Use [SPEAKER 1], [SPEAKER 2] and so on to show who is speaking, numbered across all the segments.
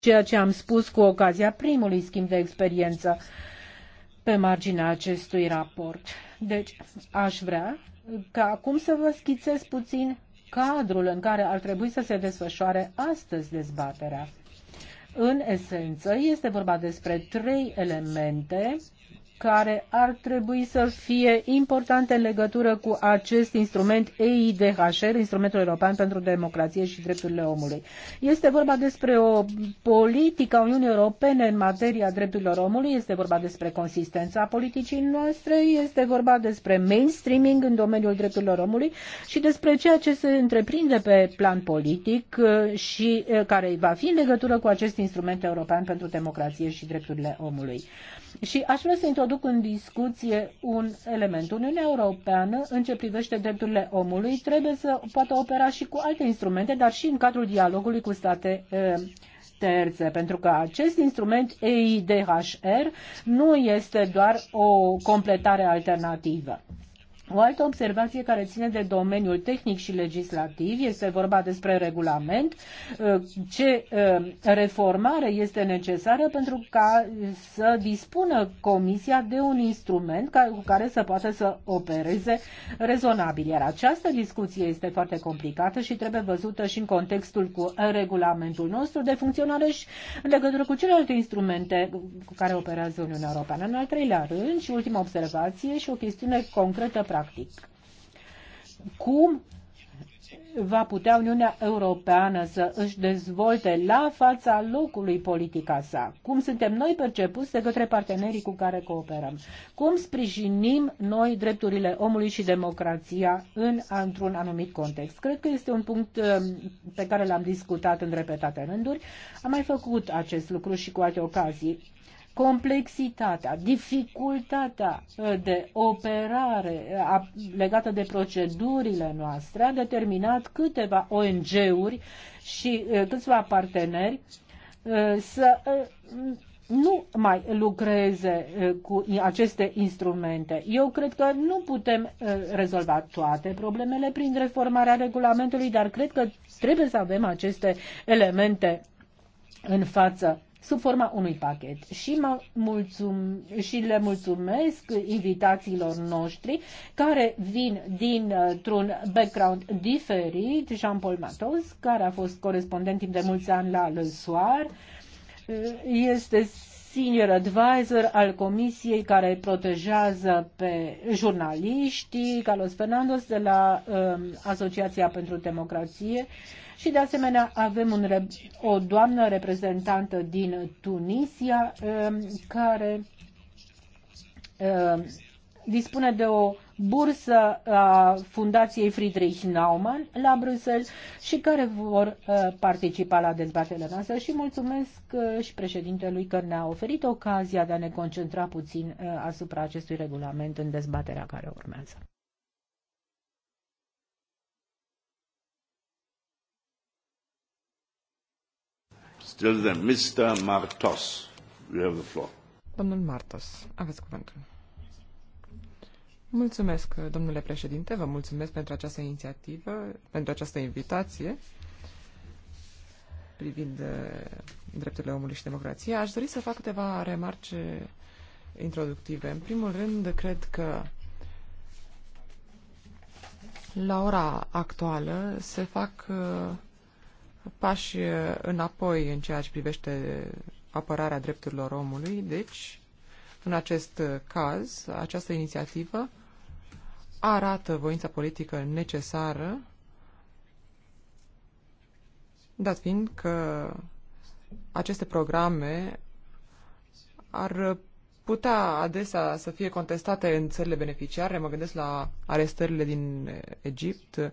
[SPEAKER 1] ceea ce am spus cu ocazia primului schimb de experiență pe marginea acestui raport. Deci, aș vrea ca acum să vă schițez puțin cadrul în care ar trebui să se desfășoare astăzi dezbaterea. În esență, este vorba despre trei elemente care ar trebui să fie importante în legătură cu acest instrument EIDHR, Instrumentul European pentru Democrație și Drepturile Omului. Este vorba despre o politică a Uniunii Europene în materia drepturilor omului, este vorba despre consistența politicii noastre, este vorba despre mainstreaming în domeniul drepturilor omului și despre ceea ce se întreprinde pe plan politic uh, și uh, care va fi în legătură cu acest instrument european pentru democrație și drepturile omului. Și aș vrea să introduc în discuție un element. Uniunea Europeană, în ce privește drepturile omului, trebuie să poată opera și cu alte instrumente, dar și în cadrul dialogului cu state terțe, pentru că acest instrument EIDHR nu este doar o completare alternativă. O altă observație care ține de domeniul tehnic și legislativ este vorba despre regulament, uh, ce uh, reformare este necesară pentru ca să dispună Comisia de un instrument cu care să poată să opereze rezonabil. Iar această discuție este foarte complicată și trebuie văzută și în contextul cu regulamentul nostru de funcționare și în legătură cu celelalte instrumente cu care operează Uniunea Europeană. În al treilea rând și ultima observație și o chestiune concretă practic. Cum va putea Uniunea Europeană să își dezvolte la fața locului politica sa? Cum suntem noi percepuți de către partenerii cu care cooperăm? Cum sprijinim noi drepturile omului și democrația în, într-un anumit context? Cred că este un punct um, pe care l-am discutat în repetate rânduri. Am mai făcut acest lucru și cu alte ocazii complexitatea, dificultatea uh, de operare uh, legată de procedurile noastre a determinat câteva ONG-uri și uh, câțiva parteneri să nu mai lucreze cu aceste instrumente. Eu cred că nu putem rezolva toate problemele prin reformarea regulamentului, dar cred că trebuie să avem aceste elemente în față sub forma unui pachet. Și, mă mulțum, și le mulțumesc invitațiilor noștri care vin dintr-un background diferit. Jean-Paul Matos, care a fost corespondent timp de mulți ani la Le Soir, este senior advisor al comisiei care protejează pe jurnaliștii, Carlos Fernandos de la um, Asociația pentru Democrație, uh, și de asemenea avem un, o doamnă reprezentantă din Tunisia um, care um, dispune de o bursă a Fundației Friedrich Naumann la Bruxelles și care vor uh, participa la dezbaterea noastră și mulțumesc uh, și președintelui că ne-a oferit ocazia de a ne concentra puțin uh, asupra acestui regulament în dezbaterea care urmează. Still then, Mr. Martos, you have the floor.
[SPEAKER 2] Domnul Martos, aveți cuvântul. Mulțumesc, domnule președinte, vă mulțumesc pentru această inițiativă, pentru această invitație privind uh, drepturile omului și democrația. Aș dori să fac câteva remarci introductive. În primul rând, cred că la ora actuală se fac uh, pași înapoi în ceea ce privește apărarea drepturilor omului, deci, în acest caz, această inițiativă arată voința politică necesară, dat fiind că aceste programe ar putea adesea să fie contestate în țările beneficiare. Mă gândesc la arestările din Egipt,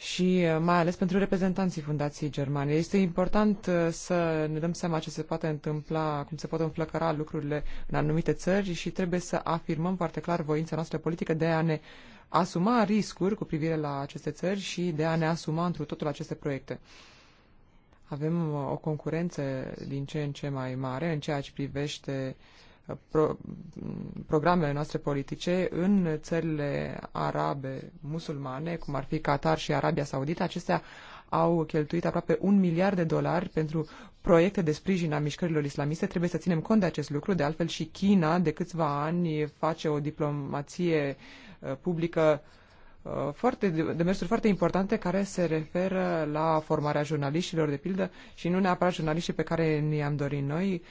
[SPEAKER 2] și uh, mai ales pentru reprezentanții Fundației germane Este important uh, să ne dăm seama ce se poate întâmpla, cum se pot înflăcăra lucrurile în anumite țări și trebuie să afirmăm foarte clar voința noastră politică de a ne asuma riscuri cu privire la aceste țări și de a ne asuma întru totul aceste proiecte. Avem uh, o concurență din ce în ce mai mare în ceea ce privește uh, pro, programele noastre politice în țările arabe musulmane, cum ar fi Qatar și Arabia Saudită, acestea au cheltuit aproape un miliard de dolari pentru proiecte de sprijin a mișcărilor islamiste. Trebuie să ținem cont de acest lucru. De altfel și China de câțiva ani face o diplomație uh, publică uh, Uh, foarte, demersuri foarte importante care se referă la formarea jurnaliștilor, de pildă, și nu neapărat jurnaliștii pe care ne-am dorit noi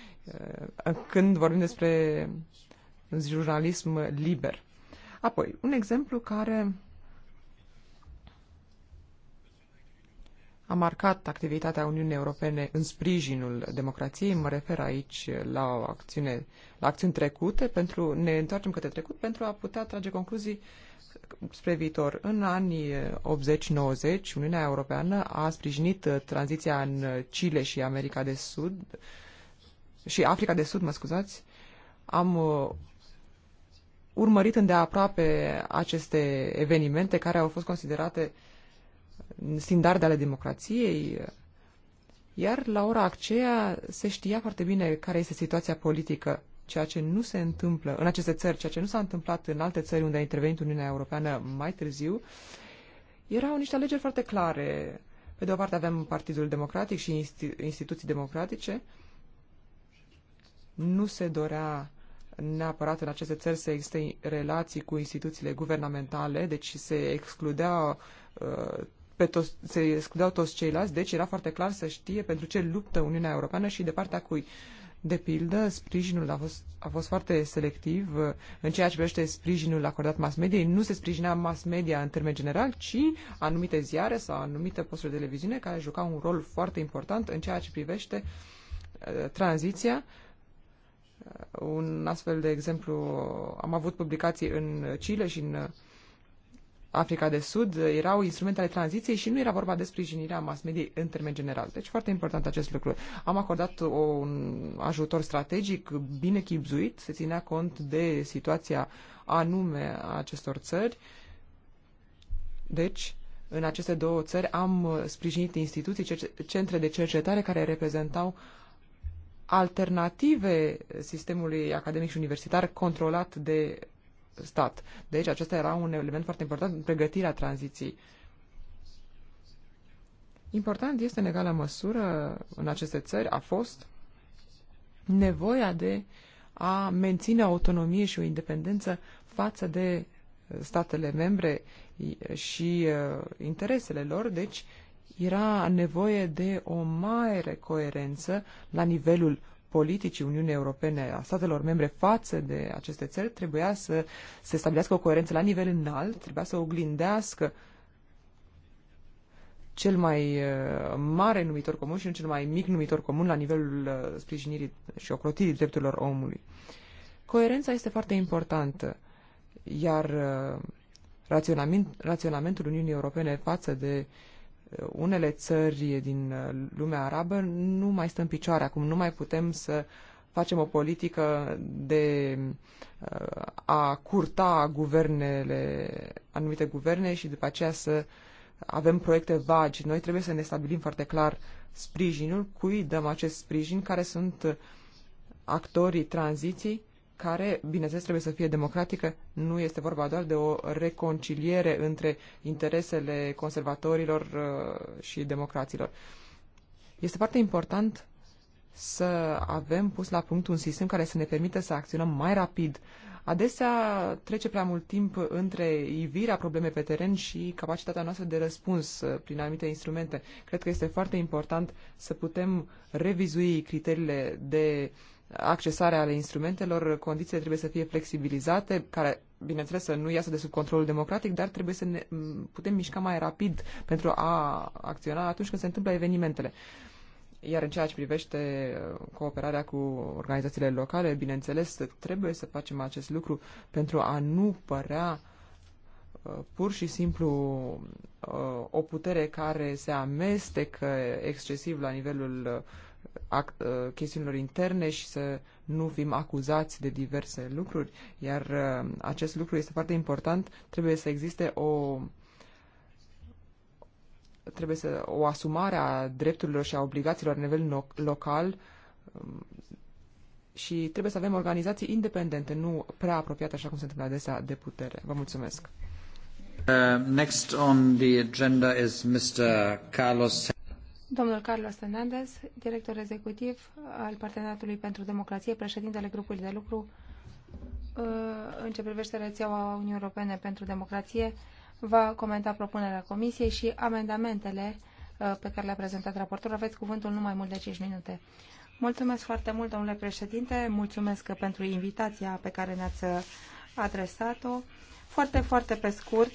[SPEAKER 2] uh, când vorbim despre jurnalism liber. Apoi, un exemplu care a marcat activitatea Uniunii Europene în sprijinul democrației. Mă refer aici la, acțiune, la acțiuni trecute. Pentru, ne întoarcem către trecut pentru a putea trage concluzii uh, spre viitor. În anii 80-90, eh, Uniunea Europeană a sprijinit eh, tranziția în Chile și America de Sud și Africa de Sud, mă scuzați. Am eh, urmărit îndeaproape aceste evenimente care au fost considerate standarde ale democrației, iar la ora aceea se știa foarte bine care este situația politică ceea ce nu se întâmplă în aceste țări, ceea ce nu s-a întâmplat în alte țări unde a intervenit Uniunea Europeană mai târziu, erau niște alegeri foarte clare. Pe de o parte aveam Partidul Democratic și instituții democratice. Nu se dorea neapărat în aceste țări să existe relații cu instituțiile guvernamentale, deci se excludea uh, pe toți, se excludeau toți ceilalți, deci era foarte clar să știe pentru ce luptă Uniunea Europeană și de partea cui. Uh, de pildă, sprijinul a fost, a fost foarte selectiv uh, în ceea ce privește sprijinul acordat mass mediei. Nu se sprijinea mass media în termen general, ci anumite ziare sau anumite posturi de televiziune care jucau un rol foarte important în ceea ce privește uh, tranziția uh, un astfel de exemplu am avut publicații în Chile și în Africa de Sud erau instrumente ale tranziției și nu era vorba de sprijinirea mass media în termen general. Deci foarte important acest lucru. Am acordat un ajutor strategic bine chipzuit, se ținea cont de situația anume a acestor țări. Deci, în aceste două țări am sprijinit instituții, centre de cercetare care reprezentau alternative sistemului academic și universitar controlat de stat. Deci acesta era un element foarte important în pregătirea tranziției. Important este în egală măsură în aceste țări a fost nevoia de a menține autonomie și o independență față de uh, statele membre și uh, interesele lor, deci era nevoie de o mare coerență la nivelul politicii Uniunii Europene a statelor membre față de aceste țări trebuia să se stabilească o coerență la nivel înalt, trebuia să oglindească cel mai uh, mare numitor comun și nu cel mai mic numitor comun la nivelul uh, sprijinirii și ocrotirii drepturilor omului. Coerența este foarte importantă, iar uh, raționament, raționamentul Uniunii Europene față de uh, unele țări din uh, lumea arabă nu mai stă în picioare acum, nu mai putem să facem o politică de uh, a curta guvernele, anumite guverne și după aceea să avem proiecte vagi. Noi trebuie să ne stabilim foarte clar sprijinul, cui dăm acest sprijin, care sunt actorii tranziției care, bineînțeles, trebuie să fie democratică. Nu este vorba doar de o reconciliere între interesele conservatorilor uh, și democraților. Este foarte important să avem pus la punct un sistem care să ne permită să acționăm mai rapid. Adesea trece prea mult timp între ivirea problemei pe teren și capacitatea noastră de răspuns uh, prin anumite instrumente. Cred că este foarte important să putem revizui criteriile de uh, accesare ale instrumentelor, condițiile trebuie să fie flexibilizate, care, bineînțeles, să nu iasă de sub controlul democratic, dar trebuie să ne putem mișca mai rapid pentru a acționa atunci când se întâmplă evenimentele. Iar în ceea ce privește uh, cooperarea cu organizațiile locale, bineînțeles, trebuie să facem acest lucru pentru a nu părea uh, pur și simplu uh, o putere care se amestecă excesiv la nivelul uh, act, uh, chestiunilor interne și să nu fim acuzați de diverse lucruri, iar uh, acest lucru este foarte important, trebuie să existe o trebuie să o asumare a drepturilor și a obligațiilor la nivel local um, și trebuie să avem organizații independente, nu prea apropiate, așa cum se întâmplă adesea, de putere. Vă mulțumesc! Uh, next on the agenda is Mr. Carlos
[SPEAKER 3] Domnul Carlos Hernandez, director executiv al Parteneriatului pentru Democrație, președintele grupului de lucru uh, în ce privește rețeaua Uniunii Europene pentru Democrație, va comenta propunerea Comisiei și amendamentele uh, pe care le-a prezentat raportul. Aveți cuvântul numai mult de 5 minute. Mulțumesc foarte mult, domnule președinte, mulțumesc pentru invitația pe care ne-ați adresat-o. Foarte, foarte pe scurt,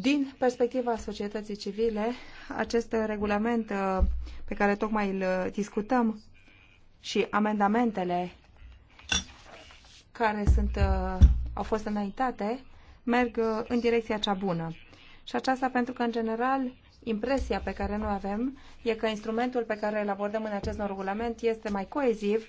[SPEAKER 3] din perspectiva societății civile, acest regulament uh, pe care tocmai îl uh, discutăm și amendamentele care sunt, uh, au fost înaintate merg în direcția cea bună. Și aceasta pentru că, în general, impresia pe care noi avem e că instrumentul pe care îl abordăm în acest nou regulament este mai coeziv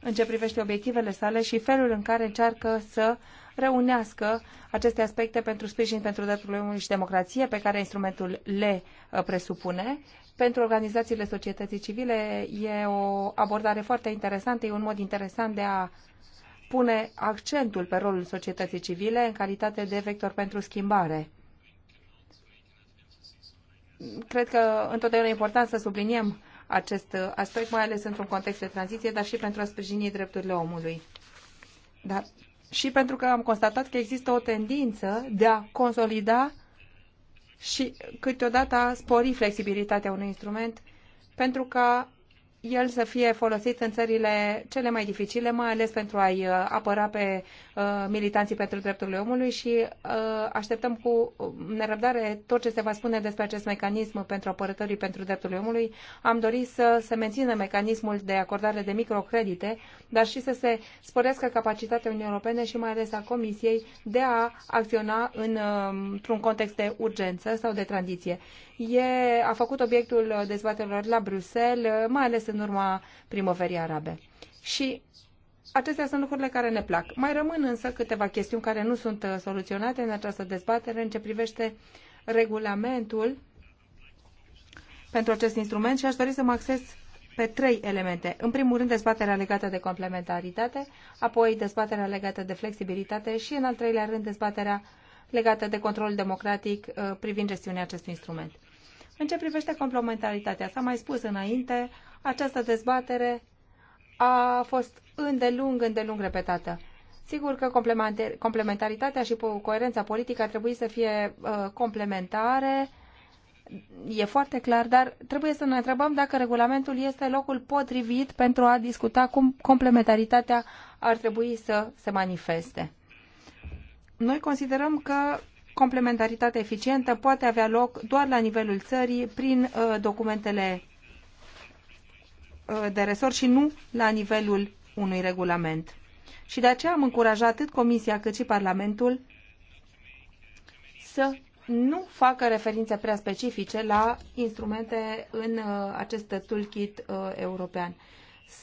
[SPEAKER 3] în ce privește obiectivele sale și felul în care încearcă să reunească aceste aspecte pentru sprijin pentru drepturile omului și democrație pe care instrumentul le uh, presupune. Pentru organizațiile societății civile e o abordare foarte interesantă, e un mod interesant de a pune accentul pe rolul societății civile în calitate de vector pentru schimbare. Cred că întotdeauna e important să subliniem acest aspect, mai ales într-un context de tranziție, dar și pentru a sprijini drepturile omului. Dar și pentru că am constatat că există o tendință de a consolida și câteodată a spori flexibilitatea unui instrument pentru ca el să fie folosit în țările cele mai dificile, mai ales pentru a-i uh, apăra pe Uh, militanții pentru drepturile omului și uh, așteptăm cu nerăbdare tot ce se va spune despre acest mecanism pentru apărătorii pentru drepturile omului. Am dorit să se mențină mecanismul de acordare de microcredite, dar și să se sporească capacitatea Uniunii Europene și mai ales a Comisiei de a acționa în, uh, într-un context de urgență sau de tranziție. E, a făcut obiectul dezbaterilor la Bruxelles, mai ales în urma primăverii arabe. Și Acestea sunt lucrurile care ne plac. Mai rămân însă câteva chestiuni care nu sunt uh, soluționate în această dezbatere în ce privește regulamentul pentru acest instrument și aș dori să mă acces pe trei elemente. În primul rând, dezbaterea legată de complementaritate, apoi dezbaterea legată de flexibilitate și, în al treilea rând, dezbaterea legată de control democratic uh, privind gestiunea acestui instrument. În ce privește complementaritatea, s-a mai spus înainte, această dezbatere a fost îndelung, îndelung repetată. Sigur că complementaritatea și coerența politică ar trebui să fie uh, complementare, e foarte clar, dar trebuie să ne întrebăm dacă regulamentul este locul potrivit pentru a discuta cum complementaritatea ar trebui să se manifeste. Noi considerăm că complementaritatea eficientă poate avea loc doar la nivelul țării prin uh, documentele Uh, de resort și nu la nivelul unui regulament. Și de aceea am încurajat atât Comisia cât și Parlamentul să nu facă referințe prea specifice la instrumente în uh, acest toolkit uh, european.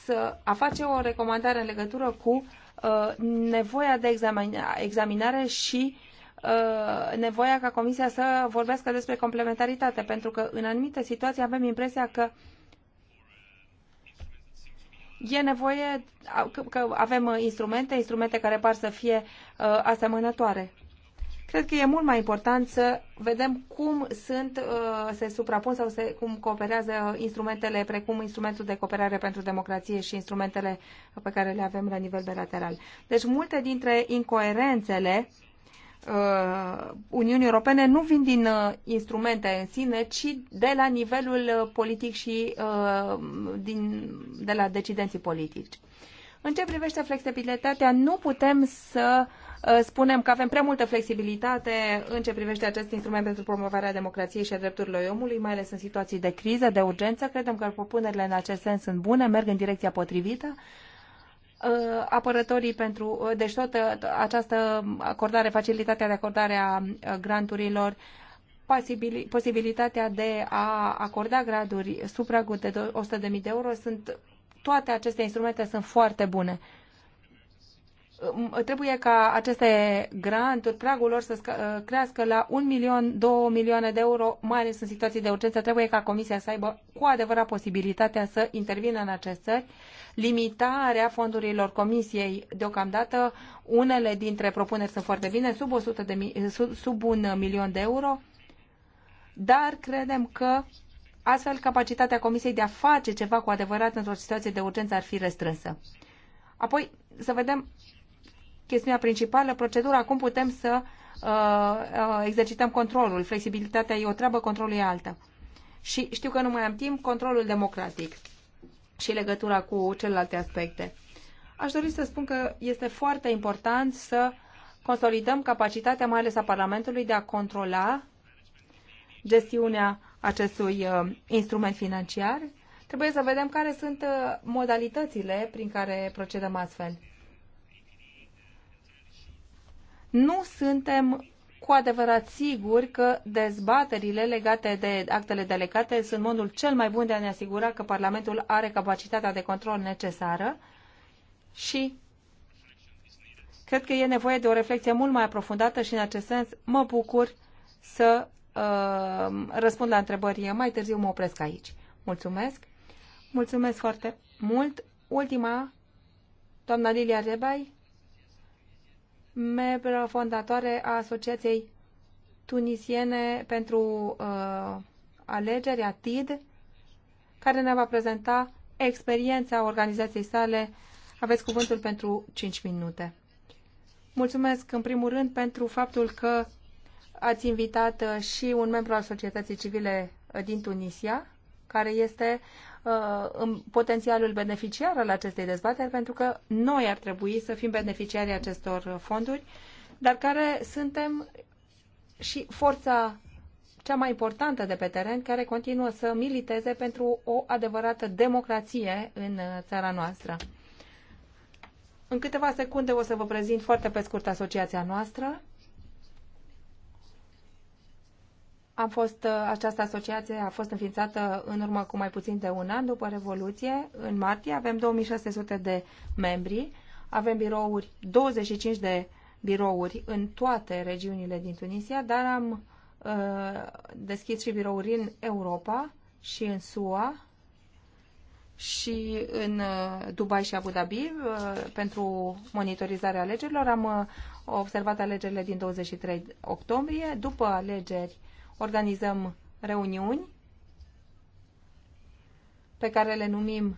[SPEAKER 3] Să a face o recomandare în legătură cu nevoia de examinare și nevoia ca Comisia să vorbească despre complementaritate, pentru că în anumite situații avem impresia că e nevoie că avem uh, instrumente, instrumente care par să fie uh, asemănătoare. Cred că e mult mai important să vedem cum sunt, uh, se suprapun sau se, cum cooperează instrumentele precum instrumentul de cooperare pentru democrație și instrumentele pe care le avem la nivel bilateral. Deci multe dintre incoerențele Uh, Uniunii Europene nu vin din uh, instrumente în sine, ci de la nivelul uh, politic și din, de la decidenții politici. În ce privește flexibilitatea, nu putem să spunem că avem prea multă flexibilitate în ce privește acest instrument pentru promovarea democrației și a drepturilor omului, mai ales în situații de criză, de urgență. Credem că propunerile în acest sens sunt bune, merg în direcția potrivită, Uh, apărătorii pentru, uh, deci toată această acordare, facilitatea de acordare a uh, granturilor, posibilitatea de a acorda graduri supragul de 100.000 de euro, sunt toate aceste instrumente sunt foarte bune trebuie ca aceste granturi, pragul lor să uh, crească la 1 milion, 2 milioane de euro, mai ales în situații de urgență. Trebuie ca Comisia să aibă cu adevărat posibilitatea să intervină în aceste țări. Limitarea fondurilor Comisiei deocamdată, unele dintre propuneri sunt foarte bine, sub, 100 de, uh, sub, sub un milion de euro, dar credem că astfel capacitatea Comisiei de a face ceva cu adevărat într-o situație de urgență ar fi restrânsă. Apoi, să vedem chestiunea principală, procedura, cum putem să uh, uh, exercităm controlul. Flexibilitatea e o treabă, controlul e alta. Și știu că nu mai am timp, controlul democratic și legătura cu celelalte aspecte. Aș dori să spun că este foarte important să consolidăm capacitatea, mai ales a Parlamentului, de a controla gestiunea acestui uh, instrument financiar. Trebuie să vedem care sunt uh, modalitățile prin care procedăm astfel nu suntem cu adevărat siguri că dezbaterile legate de actele delegate sunt modul cel mai bun de a ne asigura că Parlamentul are capacitatea de control necesară și cred că e nevoie de o reflexie mult mai aprofundată și în acest sens mă bucur să uh, răspund la întrebări. Mai târziu mă opresc aici. Mulțumesc! Mulțumesc foarte mult! Ultima, doamna Lilia Rebai, membră fondatoare a Asociației Tunisiene pentru uh, Alegeri, ATID, care ne va prezenta experiența organizației sale. Aveți cuvântul pentru 5 minute. Mulțumesc în primul rând pentru faptul că ați invitat uh, și un membru al societății civile uh, din Tunisia, care este uh, potențialul beneficiar al acestei dezbateri, pentru că noi ar trebui să fim beneficiarii acestor fonduri, dar care suntem și forța cea mai importantă de pe teren, care continuă să militeze pentru o adevărată democrație în țara noastră. În câteva secunde o să vă prezint foarte pe scurt asociația noastră. Am fost, ă, această asociație a fost înființată în urmă cu mai puțin de un an după Revoluție, în martie. Avem 2600 de membri, avem birouri, 25 de birouri în toate regiunile din Tunisia, dar am uh, deschis și birouri în Europa și în SUA și în uh, Dubai și Abu Dhabi uh, pentru monitorizarea alegerilor. Am uh, observat alegerile din 23 octombrie. După alegeri uh, organizăm reuniuni pe care le numim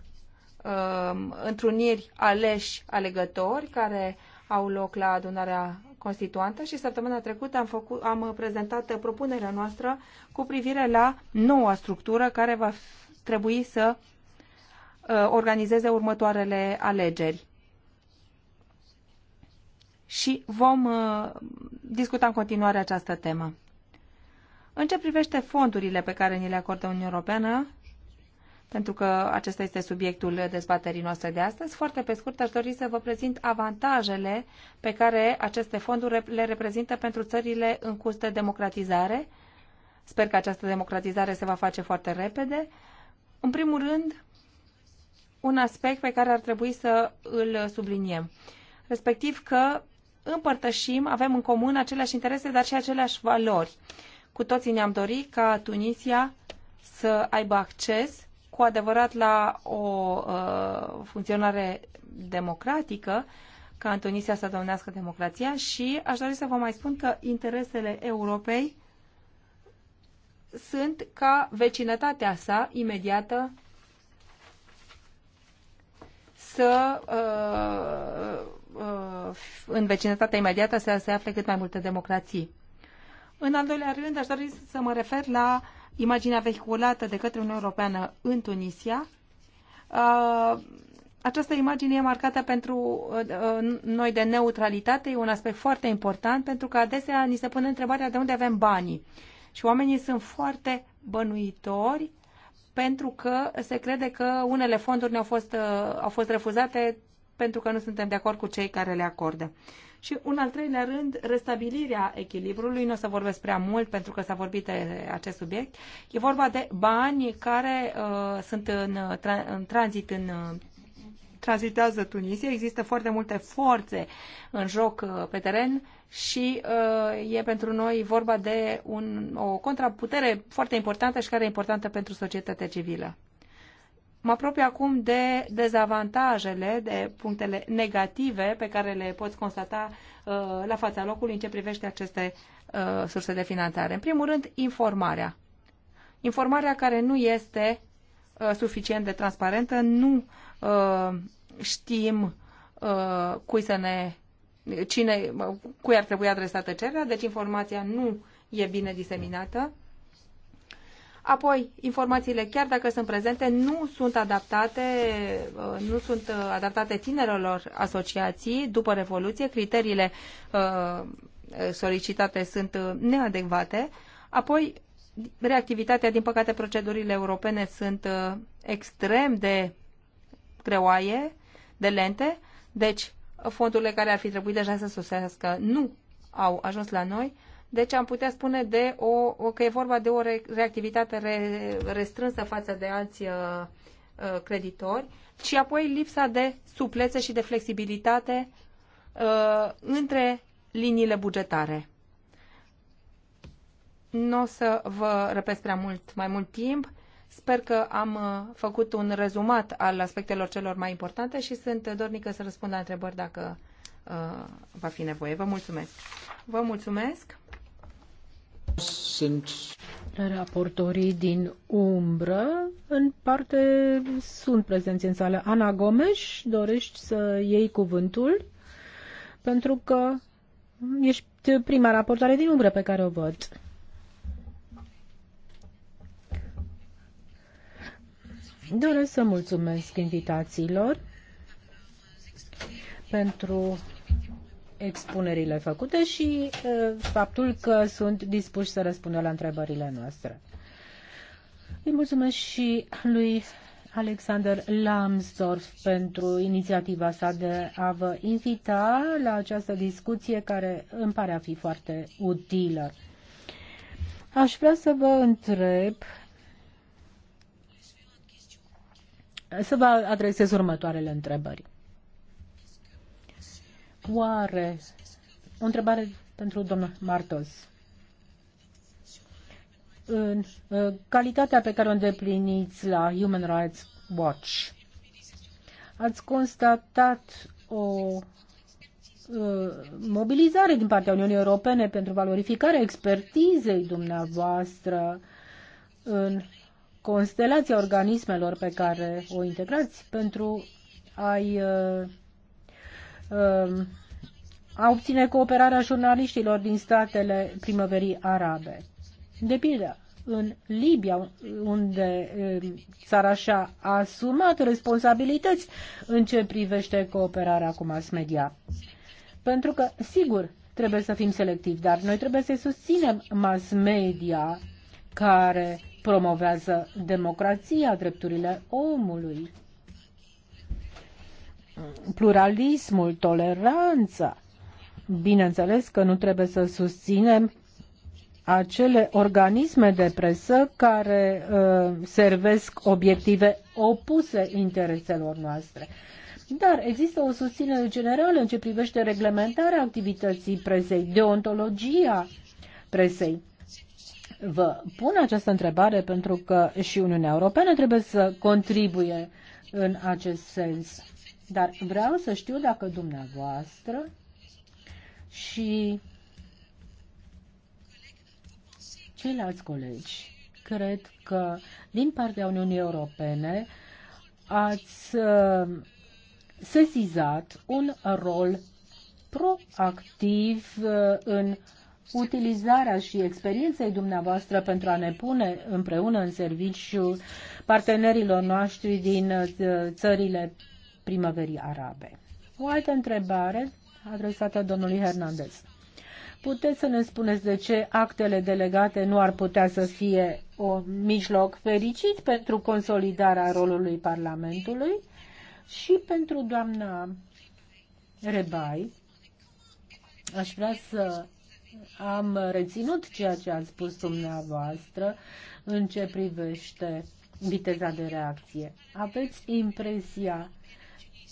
[SPEAKER 3] uh, întruniri aleși alegători care au loc la adunarea constituantă și săptămâna trecută am, făcut, am prezentat propunerea noastră cu privire la noua structură care va trebui să uh, organizeze următoarele alegeri. Și vom uh, discuta în continuare această temă. În ce privește fondurile pe care ni le acordă Uniunea Europeană, pentru că acesta este subiectul dezbaterii noastre de astăzi, foarte pe scurt aș dori să vă prezint avantajele pe care aceste fonduri le reprezintă pentru țările în curs de democratizare. Sper că această democratizare se va face foarte repede. În primul rând, un aspect pe care ar trebui să îl subliniem, respectiv că împărtășim, avem în comun aceleași interese, dar și aceleași valori. Cu toții ne-am dorit ca Tunisia să aibă acces cu adevărat la o uh, funcționare democratică, ca în Tunisia să domnească democrația și aș dori să vă mai spun că interesele Europei sunt ca vecinătatea sa imediată să uh, uh, în vecinătatea imediată să se afle cât mai multe democrații. În al doilea rând, aș dori să mă refer la imaginea vehiculată de către Uniunea Europeană în Tunisia. Uh, această imagine e marcată pentru uh, uh, noi de neutralitate, e un aspect foarte important, pentru că adesea ni se pune întrebarea de unde avem banii. Și oamenii sunt foarte bănuitori pentru că se crede că unele fonduri ne-au fost, au fost refuzate pentru că nu suntem de acord cu cei care le acordă. Și un al treilea rând, restabilirea echilibrului. Nu o să vorbesc prea mult pentru că s-a vorbit de acest subiect. E vorba de bani care uh, sunt în, uh, tra- în tranzit în uh, tranzitează Tunisia, există foarte multe forțe în joc uh, pe teren și uh, e pentru noi vorba de un, o contraputere foarte importantă și care e importantă pentru societatea civilă. Mă apropie acum de dezavantajele, de punctele negative pe care le poți constata uh, la fața locului în ce privește aceste uh, surse de finanțare. În primul rând, informarea. Informarea care nu este uh, suficient de transparentă, nu uh, știm uh, cui să ne cine, uh, cui ar trebui adresată cererea, deci informația nu e bine diseminată. Apoi, informațiile, chiar dacă sunt prezente, nu sunt adaptate, uh, nu sunt uh, adaptate tinerilor asociații după Revoluție. Criteriile uh, solicitate sunt neadecvate. Apoi, reactivitatea, din păcate, procedurile europene sunt extrem de greoaie, de lente, deci fondurile care ar fi trebuit deja să sosească nu au ajuns la noi deci am putea spune de o, că e vorba de o reactivitate re, restrânsă față de alți uh, uh creditori și apoi lipsa de suplețe și de flexibilitate uh, între liniile bugetare. Nu o să vă răpesc prea mult, mai mult timp. Sper că am uh, făcut un rezumat al aspectelor celor mai importante și sunt dornică să răspund la întrebări dacă uh, va fi nevoie. Vă mulțumesc! Vă mulțumesc!
[SPEAKER 1] Sunt raportorii din umbră. În parte sunt prezenți în sală. Ana Gomes, dorești să iei cuvântul? Pentru că ești prima raportare din umbră pe care o văd. Doresc să mulțumesc invitațiilor pentru expunerile făcute și faptul că sunt dispuși să răspundă la întrebările noastre. Îi mulțumesc și lui Alexander Lambsdorff pentru inițiativa sa de a vă invita la această discuție care îmi pare a fi foarte utilă. Aș vrea să vă întreb, să vă adresez următoarele întrebări. Oare, o întrebare pentru domnul Martos. În uh, calitatea pe care o îndepliniți la Human Rights Watch, ați constatat o uh, mobilizare din partea Uniunii Europene pentru valorificarea expertizei dumneavoastră în constelația organismelor pe care o integrați pentru a-i uh, Um, a obține cooperarea jurnaliștilor din statele primăverii arabe. De pildă, în Libia, unde um, țara și-a asumat responsabilități în ce privește cooperarea cu mass media. Pentru că, sigur, trebuie să fim selectivi, dar noi trebuie să susținem mass media care promovează democrația, drepturile omului pluralismul, toleranța. Bineînțeles că nu trebuie să susținem acele organisme de presă care uh, servesc obiective opuse intereselor noastre. Dar există o susținere generală în ce privește reglementarea activității presei, deontologia presei. Vă pun această întrebare pentru că și Uniunea Europeană trebuie să contribuie în acest sens. Dar vreau să știu dacă dumneavoastră și ceilalți colegi cred că din partea Uniunii Europene ați uh, sesizat un rol proactiv uh, în utilizarea și experienței dumneavoastră pentru a ne pune împreună în serviciu partenerilor noștri din uh, țările primăverii arabe. O altă întrebare adresată domnului Hernandez. Puteți să ne spuneți de ce actele delegate nu ar putea să fie un mijloc fericit pentru consolidarea rolului Parlamentului și pentru doamna Rebai? Aș vrea să am reținut ceea ce ați spus dumneavoastră în ce privește viteza de reacție. Aveți impresia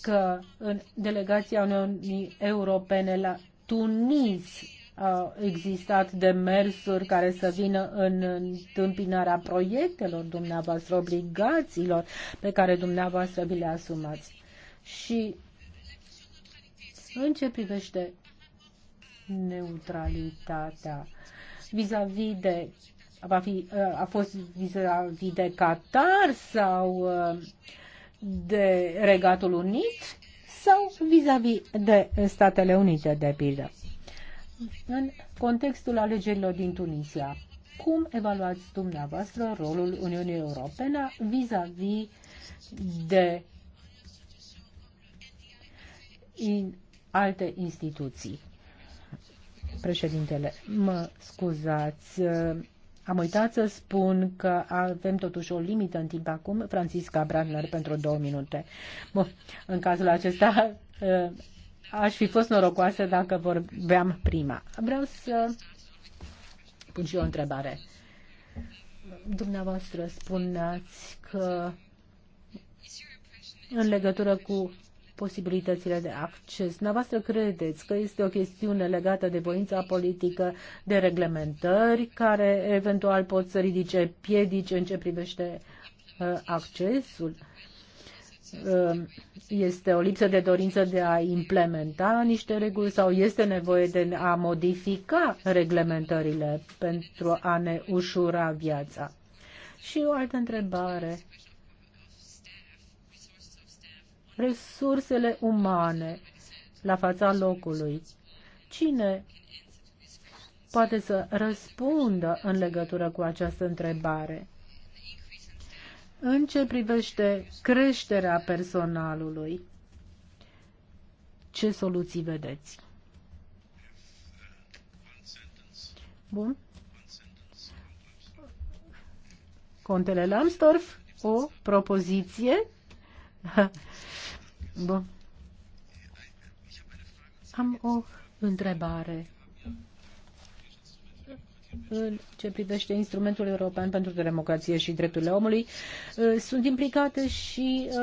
[SPEAKER 1] că în delegația Uniunii Europene la Tunis au existat demersuri care să vină în întâmpinarea proiectelor dumneavoastră, obligațiilor pe care dumneavoastră vi le asumați. Și în ce privește neutralitatea vis-a-vis -vis de va fi, a fost vis-a-vis -vis de Qatar sau uh, de Regatul Unit sau vis-a-vis -vis de Statele Unite, de pildă. În contextul alegerilor din Tunisia, cum evaluați dumneavoastră rolul Uniunii Europene vis-a-vis -vis de in alte instituții? Președintele, mă scuzați, am uitat să spun că avem totuși o limită în timp acum. Francisca Brandner pentru două minute. Bun, în cazul acesta ă, aș fi fost norocoasă dacă vorbeam prima. Vreau să pun și eu o întrebare. Dumneavoastră spuneați că în legătură cu posibilitățile de acces. Dumneavoastră credeți că este o chestiune legată de voința politică, de reglementări care eventual pot să ridice piedici în ce privește uh, accesul? Uh, este o lipsă de dorință de a implementa niște reguli sau este nevoie de a modifica reglementările pentru a ne ușura viața? Și o altă întrebare resursele umane la fața locului. Cine poate să răspundă în legătură cu această întrebare? În ce privește creșterea personalului, ce soluții vedeți? Bun. Contele Lambsdorff, o propoziție Bun. Am o întrebare. În ce privește instrumentul european pentru democrație și drepturile omului, uh, sunt implicate și uh,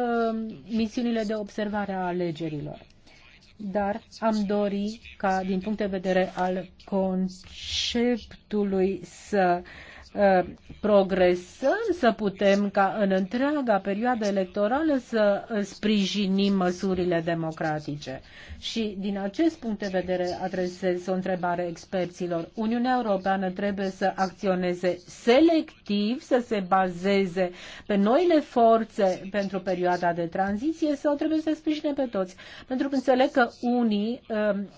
[SPEAKER 1] misiunile de observare a alegerilor dar am dori ca, din punct de vedere al conceptului, să Uh, progresăm, să putem ca în întreaga perioadă electorală să sprijinim măsurile democratice. Și din acest punct de vedere adresez o întrebare experților. Uniunea Europeană trebuie să acționeze selectiv, să se bazeze pe noile forțe pentru perioada de tranziție sau trebuie să sprijine pe toți? Pentru că înțeleg că unii um,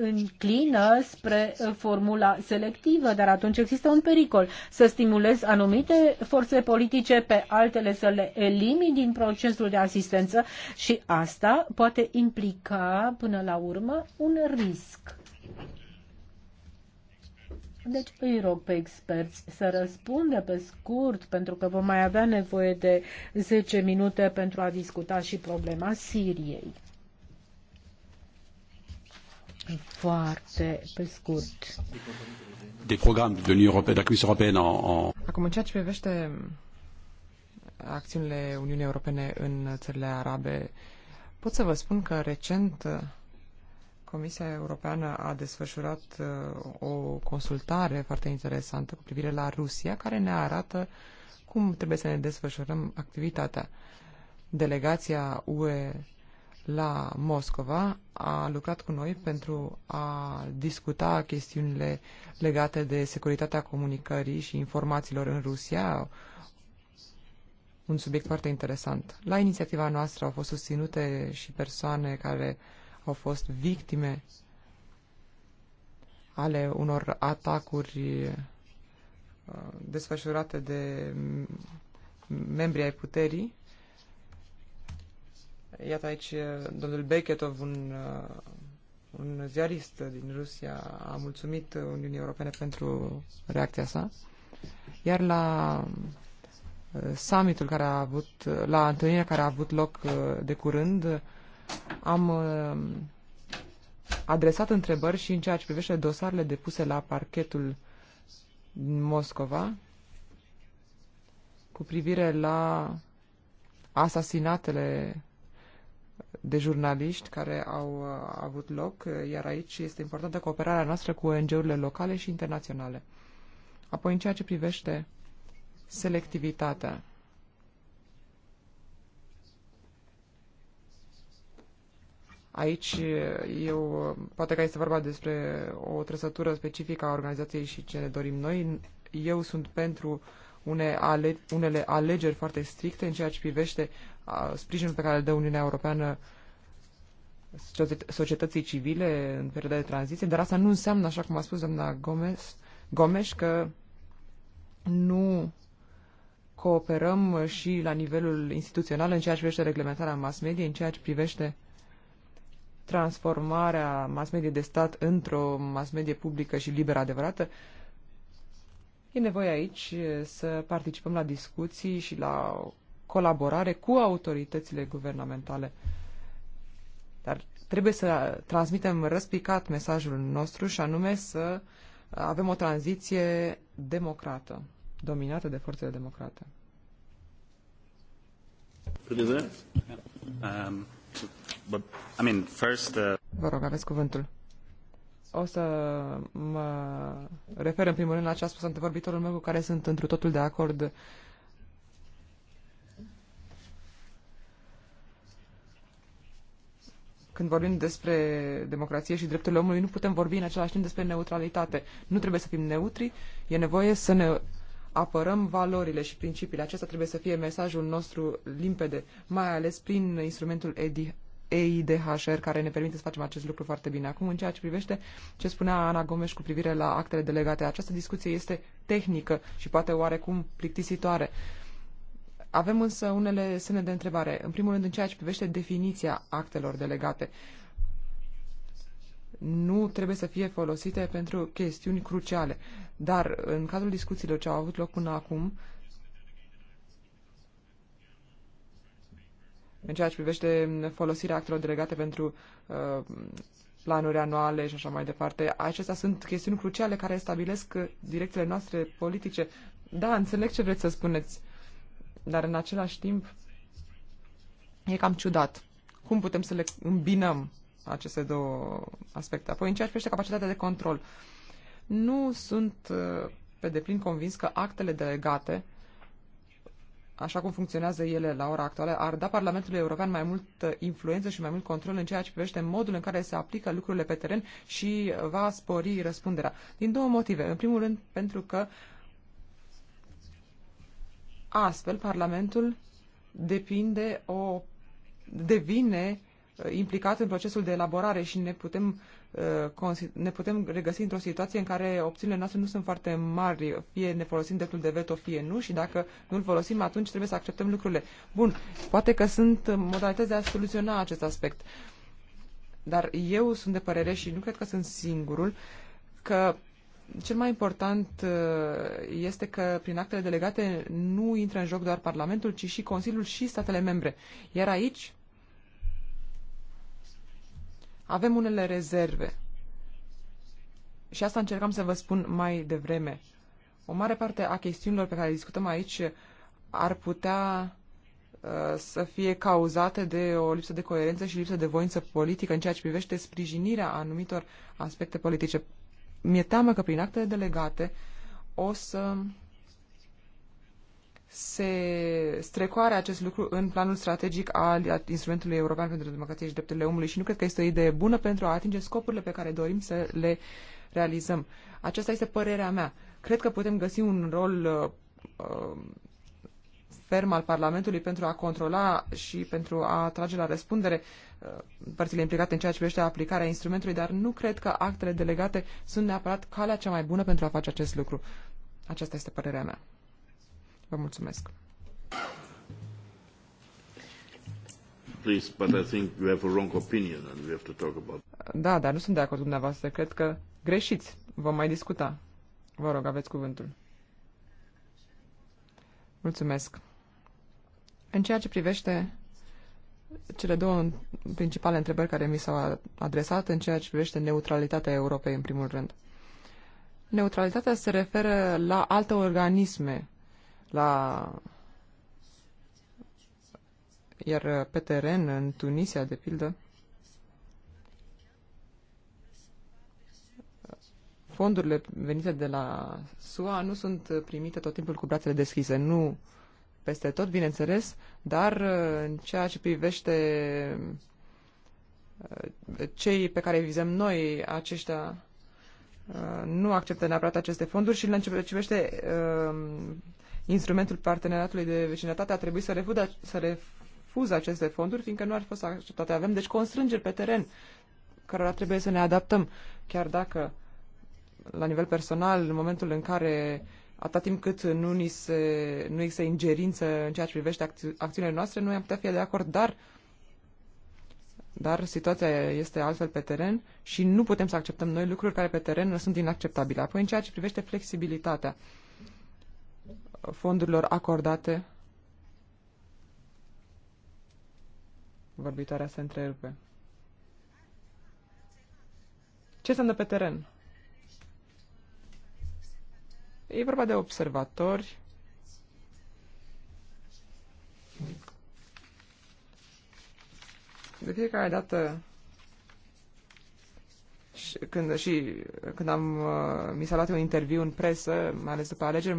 [SPEAKER 1] înclină spre formula selectivă, dar atunci există un pericol să stimulezi anumite forțe politice pe altele să le elimini din procesul de asistență și asta poate implica până la urmă un risc. Deci îi rog pe experți să răspundă pe scurt, pentru că vom mai avea nevoie de 10 minute pentru a discuta și problema Siriei.
[SPEAKER 2] Foarte pe scurt.
[SPEAKER 3] De program de Uniunea
[SPEAKER 2] Europeană, de Comisia Europeană în... Acum, în ceea ce privește acțiunile Uniunii Europene în țările arabe, pot să vă spun că recent Comisia Europeană a desfășurat uh, o consultare foarte interesantă cu privire la Rusia, care ne arată cum trebuie să ne desfășurăm activitatea. Delegația UE la Moscova a lucrat cu noi pentru a discuta chestiunile legate de securitatea comunicării și informațiilor în Rusia, un subiect foarte interesant. La inițiativa noastră au fost susținute și persoane care au fost victime ale unor atacuri uh, desfășurate de membrii ai puterii Iată aici domnul Beketov, un, un ziarist din Rusia, a mulțumit Uniunii Europene pentru reacția sa. Iar la summitul care a avut, la întâlnirea care a avut loc de curând, am adresat întrebări și în ceea ce privește dosarele depuse la parchetul din Moscova cu privire la asasinatele de jurnaliști care au uh, avut loc, uh, iar aici este importantă cooperarea noastră cu ONG-urile locale și internaționale. Apoi, în ceea ce privește selectivitatea, Aici uh, eu, poate că este vorba despre o trăsătură specifică a organizației și ce ne dorim noi. Eu sunt pentru une ale, unele alegeri foarte stricte în ceea ce privește sprijinul pe care îl dă Uniunea Europeană societății civile în perioada de tranziție, dar asta nu înseamnă, așa cum a spus doamna Gomes, Gomes că nu cooperăm și la nivelul instituțional în ceea ce privește reglementarea mass media, în ceea ce privește transformarea mass media de stat într-o mass media publică și liberă adevărată. E nevoie aici să participăm la discuții și la colaborare cu autoritățile guvernamentale. Dar trebuie să transmitem răspicat mesajul nostru și anume să avem o tranziție democrată, dominată de forțele democrate.
[SPEAKER 1] Um, uh, Vă rog,
[SPEAKER 2] aveți cuvântul. O să mă refer în primul rând la ce a spus antevorbitorul meu cu care sunt întru totul de acord când vorbim despre democrație și drepturile omului, nu putem vorbi în același timp despre neutralitate. Nu trebuie să fim neutri, e nevoie să ne apărăm valorile și principiile. Acesta trebuie să fie mesajul nostru limpede, mai ales prin instrumentul EDI, EIDHR, care ne permite să facem acest lucru foarte bine. Acum, în ceea ce privește ce spunea Ana Gomes cu privire la actele delegate, această discuție este tehnică și poate oarecum plictisitoare. Uh, avem însă unele semne de întrebare. În primul rând, în ceea ce privește definiția actelor delegate, nu trebuie să fie folosite pentru chestiuni cruciale. Dar în cadrul discuțiilor ce au avut loc până acum, în ceea ce privește folosirea actelor delegate pentru uh, planuri anuale și așa mai departe. Acestea sunt chestiuni cruciale care stabilesc uh, direcțiile noastre politice. Da, înțeleg ce vreți să spuneți. Dar în același timp e cam ciudat. Cum putem să le îmbinăm aceste două aspecte? Apoi, în ceea ce privește capacitatea de control, nu sunt uh, pe deplin convins că actele delegate, așa cum funcționează ele la ora actuală, ar da Parlamentului European mai multă influență și mai mult control în ceea ce privește modul în care se aplică lucrurile pe teren și va spori răspunderea. Din două motive. În primul rând, pentru că Astfel, Parlamentul depinde o, devine uh, implicat în procesul de elaborare și ne putem, uh, ne putem regăsi într-o situație în care opțiunile noastre nu sunt foarte mari, fie ne folosim dreptul de veto, fie nu, și dacă nu îl folosim, atunci trebuie să acceptăm lucrurile. Bun, poate că sunt modalități de a soluționa acest aspect. Dar eu sunt de părere și nu cred că sunt singurul că cel mai important uh, este că prin actele delegate nu intră în joc doar Parlamentul, ci și Consiliul și statele membre. Iar aici avem unele rezerve. Și asta încercam să vă spun mai devreme. O mare parte a chestiunilor pe care le discutăm aici ar putea uh, să fie cauzate de o lipsă de coerență și lipsă de voință politică în ceea ce privește sprijinirea anumitor aspecte politice mi-e teamă că prin actele delegate o să se strecoare acest lucru în planul strategic al instrumentului european pentru democrație și drepturile omului și nu cred că este o idee bună pentru a atinge scopurile pe care dorim să le realizăm. Aceasta este părerea mea. Cred că putem găsi un rol uh, uh ferm al Parlamentului pentru a controla și pentru a trage la răspundere uh, părțile implicate în ceea ce privește aplicarea instrumentului, dar nu cred că actele delegate sunt neapărat calea cea mai bună pentru a face acest lucru. Aceasta este părerea mea. Vă mulțumesc.
[SPEAKER 3] Please, but I think you have a wrong opinion and we have to talk about
[SPEAKER 2] Da, dar nu sunt de acord cu dumneavoastră. Cred că greșiți. Vom mai discuta. Vă rog, aveți cuvântul. Mulțumesc. În ceea ce privește cele două principale întrebări care mi s-au adresat, în ceea ce privește neutralitatea Europei, în primul rând. Neutralitatea se referă la alte organisme, la iar pe teren, în Tunisia, de pildă, fondurile venite de la SUA nu sunt primite tot timpul cu brațele deschise. Nu peste tot, bineînțeles, dar uh, în ceea ce privește uh, cei pe care îi vizăm noi, aceștia uh, nu acceptă neapărat aceste fonduri și în ce privește instrumentul parteneriatului de vecinătate a trebuit să, refuză, să refuză aceste fonduri, fiindcă nu ar fi fost acceptate. Avem deci constrângeri pe teren cărora trebuie să ne adaptăm, chiar dacă la nivel personal, în momentul în care uh, atâta timp cât nu, ni se, nu există ingerință în ceea ce privește acți- acțiunile noastre, noi am putea fi de acord, dar dar situația este altfel pe teren și nu putem să acceptăm noi lucruri care pe teren sunt inacceptabile. Apoi, în ceea ce privește flexibilitatea fondurilor acordate, vorbitoarea se întrerupe. Ce se întâmplă pe teren? E vorba de observatori de fiecare dată și când, și când am, uh, mi s-a luat un interviu în presă, mai ales după alegeri,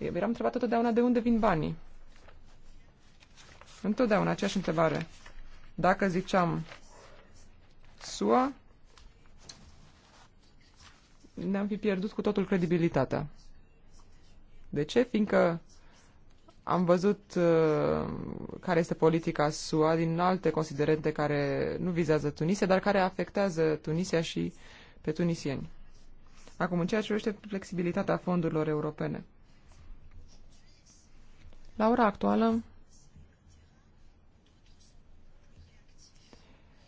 [SPEAKER 2] eu eram întrebat totdeauna de unde vin banii. Întotdeauna aceeași întrebare. Dacă ziceam SUA, ne-am fi pierdut cu totul credibilitatea. De ce? Fiindcă am văzut uh, care este politica SUA din alte considerente care nu vizează Tunisia, dar care afectează Tunisia și pe tunisieni. Acum, în ceea ce privește flexibilitatea fondurilor europene. La ora actuală,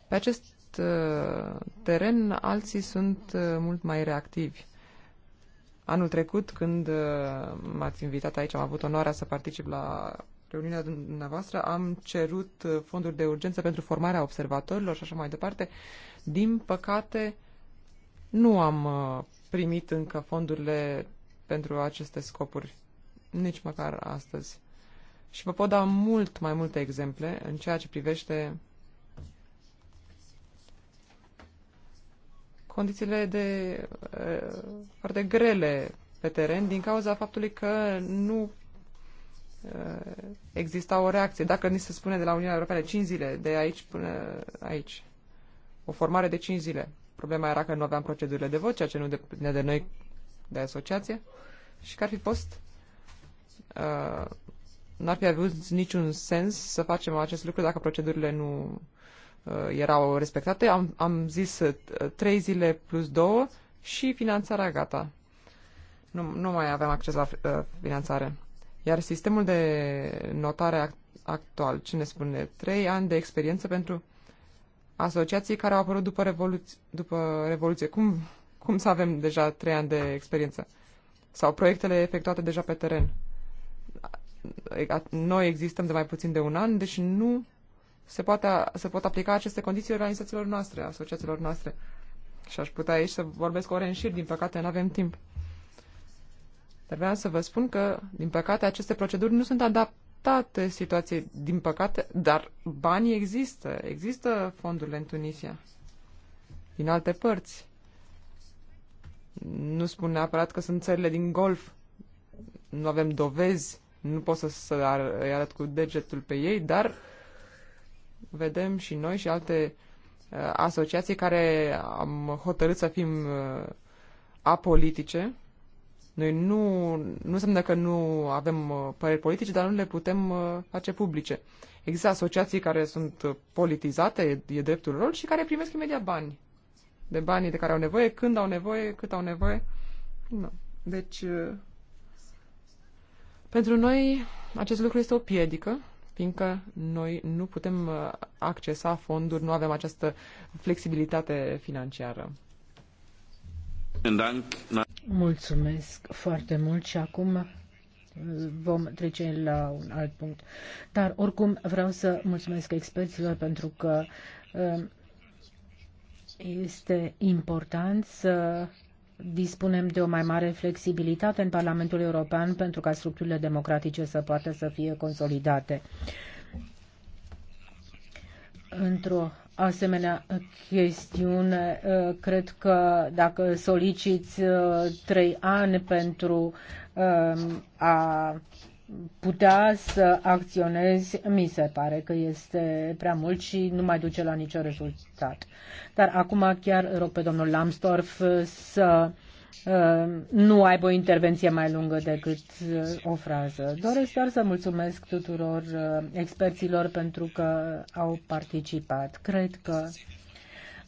[SPEAKER 2] pe acest Uh, teren, alții sunt uh, mult mai reactivi. Anul trecut, când uh, m-ați invitat aici, am avut onoarea să particip la reuniunea dumneavoastră, am cerut fonduri de urgență pentru formarea observatorilor și așa mai departe. Din păcate, nu am primit încă fondurile pentru aceste scopuri, nici măcar astăzi. Și vă pot da mult mai multe exemple în ceea ce privește condițiile de uh, foarte grele pe teren din cauza faptului că nu uh, exista o reacție. Dacă ni se spune de la Uniunea Europeană 5 zile, de aici până aici, o formare de 5 zile. Problema era că nu aveam procedurile de vot, ceea ce nu depinde de noi de asociație și că ar fi fost uh, n-ar fi avut niciun sens să facem acest lucru dacă procedurile nu Uh, erau respectate. Am, am zis uh, trei zile plus două și finanțarea gata. Nu, nu mai aveam acces la uh, finanțare. Iar sistemul de notare actual, ce ne spune? Trei ani de experiență pentru asociații care au apărut după, revolu- După Revoluție. Cum, cum să avem deja trei ani de experiență? Sau proiectele efectuate deja pe teren? Noi existăm de mai puțin de un an, deci nu se, poate, se pot aplica aceste condiții organizațiilor noastre, asociațiilor noastre. Și aș putea aici să vorbesc ore în șir, din păcate nu avem timp. Dar vreau să vă spun că, din păcate, aceste proceduri nu sunt adaptate situației, din păcate, dar banii există. Există fondurile în Tunisia, din alte părți. Nu spun neapărat că sunt țările din Golf. Nu avem dovezi, nu pot să, să ar, îi arăt cu degetul pe ei, dar vedem și noi și alte uh, asociații care am hotărât să fim uh, apolitice. Noi nu, nu înseamnă că nu avem uh, păreri politice, dar nu le putem face publice. Există asociații care sunt politizate, e dreptul lor, și care primesc imediat bani. De banii de care au nevoie, când au nevoie, cât au nevoie. Nu. Deci, pentru noi acest lucru este o piedică fiindcă noi nu putem uh, accesa fonduri, nu avem această flexibilitate financiară. Mulțumesc
[SPEAKER 1] foarte mult și acum uh, vom trece la un alt punct. Dar oricum vreau să mulțumesc experților pentru că uh, este important să dispunem de o mai mare flexibilitate în Parlamentul European pentru ca structurile democratice să poată să fie consolidate. Într-o asemenea chestiune, uh, cred că dacă soliciți uh, trei ani pentru uh, a putea să acționezi, mi se pare că este prea mult și nu mai duce la nicio rezultat. Dar acum chiar rog pe domnul Lambsdorff să uh, nu aibă o intervenție mai lungă decât uh, o frază. Doresc doar să mulțumesc tuturor uh, experților pentru că au participat. Cred că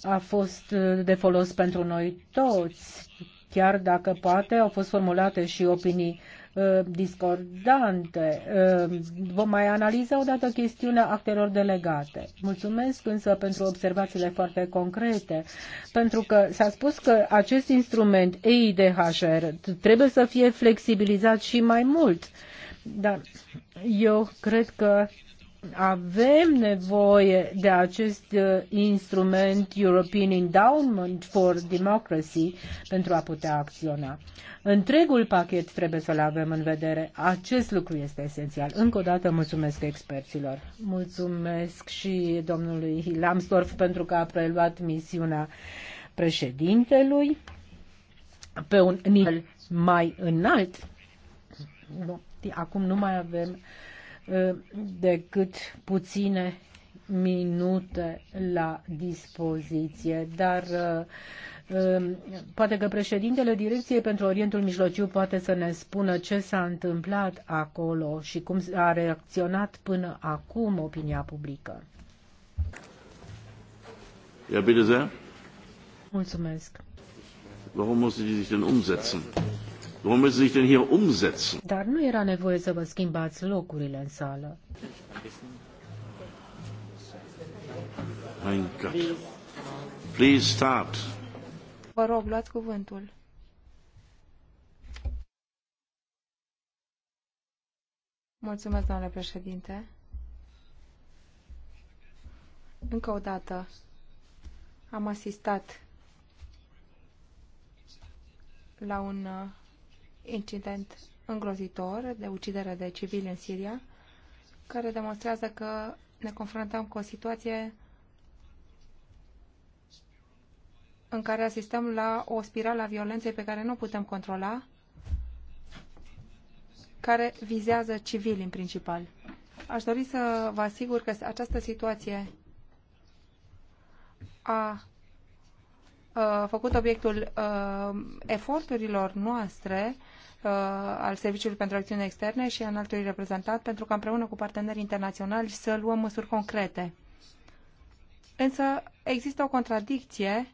[SPEAKER 1] a fost de folos pentru noi toți, chiar dacă poate au fost formulate și opinii Uh, discordante. Uh, vom mai analiza odată chestiunea actelor delegate. Mulțumesc însă pentru observațiile foarte concrete, pentru că s-a spus că acest instrument EIDHR trebuie să fie flexibilizat și mai mult. Dar eu cred că avem nevoie de acest uh, instrument European Endowment for Democracy pentru a putea acționa. Întregul pachet trebuie să-l avem în vedere. Acest lucru este esențial. Încă o dată mulțumesc experților. Mulțumesc și domnului Lambsdorff pentru că a preluat misiunea președintelui pe un nivel mai înalt. Acum nu mai avem decât puține minute la dispoziție, dar uh, um, poate că președintele Direcției pentru Orientul Mijlociu poate să ne spună ce s-a întâmplat acolo și cum a reacționat până acum opinia publică. Ja, bitte sehr. Mulțumesc.
[SPEAKER 3] Warum muss sie sich denn umsetzen? Warum müssen Sie sich denn hier umsetzen?
[SPEAKER 1] Dar nu era nevoie să vă schimbați locurile în sală.
[SPEAKER 3] Mein Gott. Please start. Vă rog, luați cuvântul. Mulțumesc, doamne președinte. Încă o dată am asistat la un uh, incident îngrozitor de ucidere de civili în Siria, care demonstrează că ne confruntăm cu o situație în care asistăm la o spirală a violenței pe care nu putem controla, care vizează civili în principal. Aș dori să vă asigur că această situație a, a făcut obiectul a, eforturilor noastre Uh, al Serviciului pentru Acțiune Externe și al altui reprezentant pentru ca împreună cu partenerii internaționali să luăm măsuri concrete. Însă există o contradicție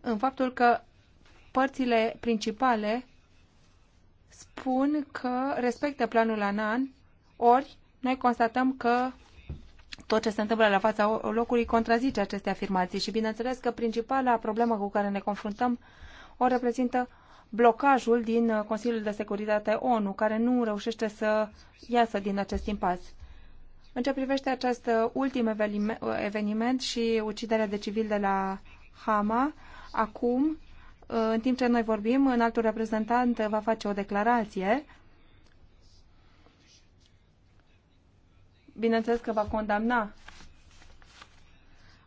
[SPEAKER 3] în faptul că părțile principale spun că respectă planul ANAN, ori noi constatăm că tot ce se întâmplă la fața locului contrazice aceste afirmații și bineînțeles că principala problemă cu care ne confruntăm o reprezintă blocajul din uh, Consiliul de Securitate ONU, care nu reușește să iasă din acest impas. În ce privește acest uh, ultim uh, eveniment și uciderea de civil de la Hama, acum, în timp ce noi vorbim, în altul reprezentant va face o declarație. Bineînțeles că va condamna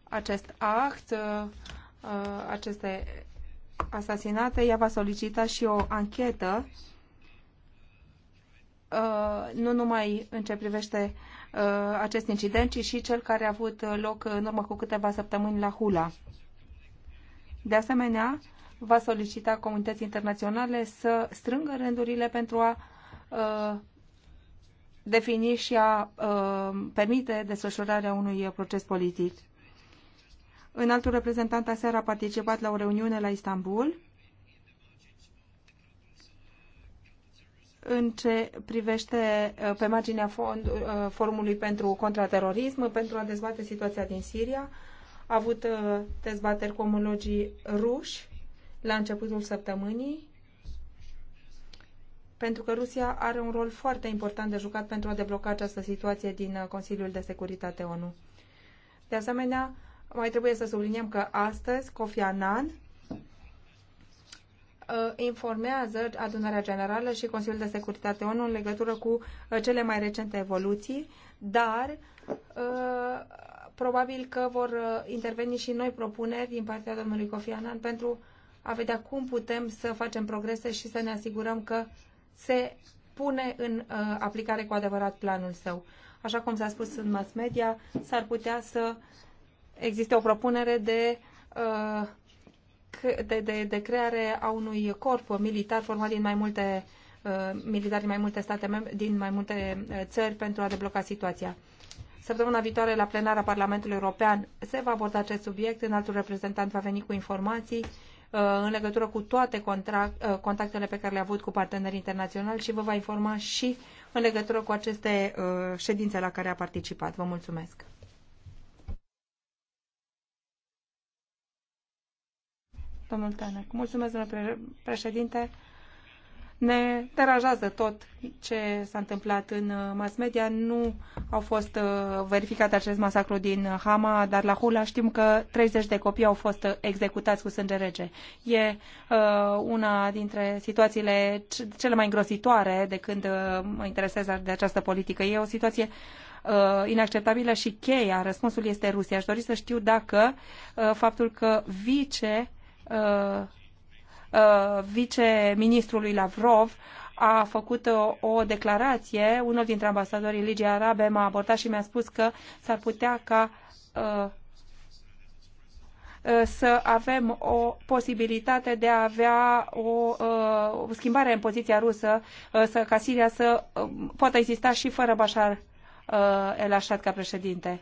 [SPEAKER 3] acest act, aceste asasinată, ea va solicita și o anchetă, uh, nu numai în ce privește uh, acest incident, ci și cel care a avut loc în urmă cu câteva săptămâni la Hula. De asemenea, va solicita comunității internaționale să strângă rândurile pentru a uh, defini și a permite desfășurarea unui proces politic. Înaltul reprezentant aseară a participat la o reuniune la Istanbul în ce privește uh, pe marginea fond, uh, forumului pentru contraterorism, pentru a dezbate situația din Siria. A avut uh, dezbateri cu omologii ruși la începutul săptămânii, pentru că Rusia are un rol foarte important de jucat pentru a debloca această situație din Consiliul de Securitate ONU. De asemenea, mai trebuie să subliniem că astăzi Kofi Annan uh, informează adunarea generală și Consiliul de Securitate ONU în legătură cu uh, cele mai recente evoluții, dar uh, probabil că vor interveni și noi propuneri din partea domnului Kofi Annan pentru a vedea cum putem să facem progrese și să ne asigurăm că se pune în aplicare cu adevărat planul său. Așa cum s-a spus în mass media, s-ar putea să Există o propunere de, uh, de, de, de creare a unui corp militar format din mai multe uh, militari din mai multe state, din mai multe uh, țări pentru a debloca situația. Săptămâna viitoare, la plenara Parlamentului European, se va aborda acest subiect. altul reprezentant va veni cu informații în legătură cu toate contactele pe care le-a avut cu partenerii internaționali și vă va informa și în legătură cu aceste ședințe la care a participat. Vă mulțumesc! Domnul Mulțumesc, domnule președinte. Ne deranjează tot ce s-a întâmplat în uh, mass media. Nu au fost uh, verificate acest masacru din Hama, dar la Hula știm că 30 de copii au fost uh, executați cu sânge rece. E una dintre situațiile cele mai îngrozitoare de când mă interesez de această politică. E o situație inacceptabilă și cheia Răspunsul este Rusia. Aș dori să știu dacă faptul că vice Uh, uh, viceministrului Lavrov a făcut uh, o declarație, unul dintre ambasadorii Ligii Arabe m-a abordat și mi-a spus că s-ar putea ca să avem o posibilitate de a avea o, o schimbare în poziția rusă, să, ca Siria să um, poată exista și fără Bashar el așa ca președinte.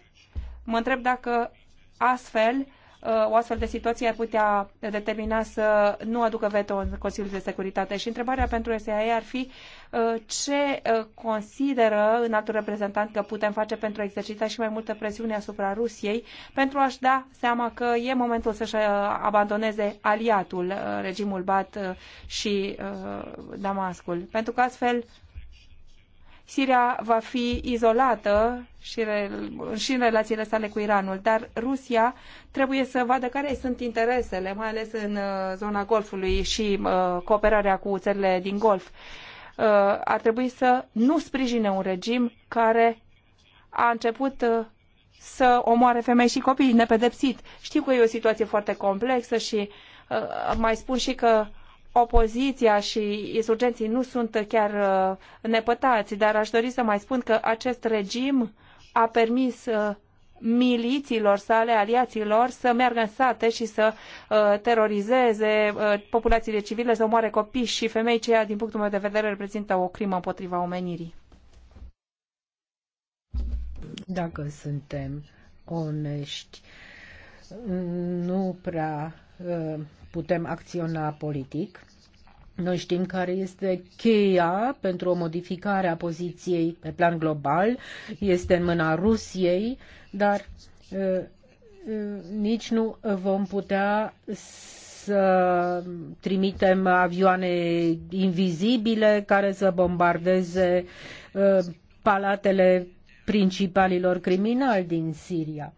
[SPEAKER 3] Mă întreb dacă astfel o astfel de situație ar putea determina să nu aducă veto în Consiliul de Securitate. Și întrebarea pentru SAE ar fi uh, ce uh, consideră în altul reprezentant că putem face pentru a exercita și mai multă presiune asupra Rusiei pentru a-și da seama că e momentul să-și uh, abandoneze aliatul, regimul BAT și Damascul. Pentru că astfel Siria va fi izolată și, re, și în relațiile sale cu Iranul, dar Rusia trebuie să vadă care sunt interesele, mai ales în uh, zona Golfului și uh, cooperarea cu țările din Golf. Uh, ar trebui să nu sprijine un regim care a început uh, să omoare femei și copii nepedepsit. Știu că e o situație foarte complexă și uh, mai spun și că opoziția și insurgenții nu sunt chiar uh, nepătați, dar aș dori să mai spun că acest regim a permis uh, milițiilor sale, aliaților, să meargă în sate și să uh, terorizeze uh, populațiile civile, să omoare copii și femei, ceea, din punctul meu de vedere, reprezintă o crimă împotriva omenirii.
[SPEAKER 1] Dacă suntem onești, nu prea putem acționa politic noi știm care este cheia pentru o modificare a poziției pe plan global, este în mâna Rusiei, dar uh, uh, nici nu vom putea să trimitem avioane invizibile care să bombardeze uh, palatele principalilor criminali din Siria.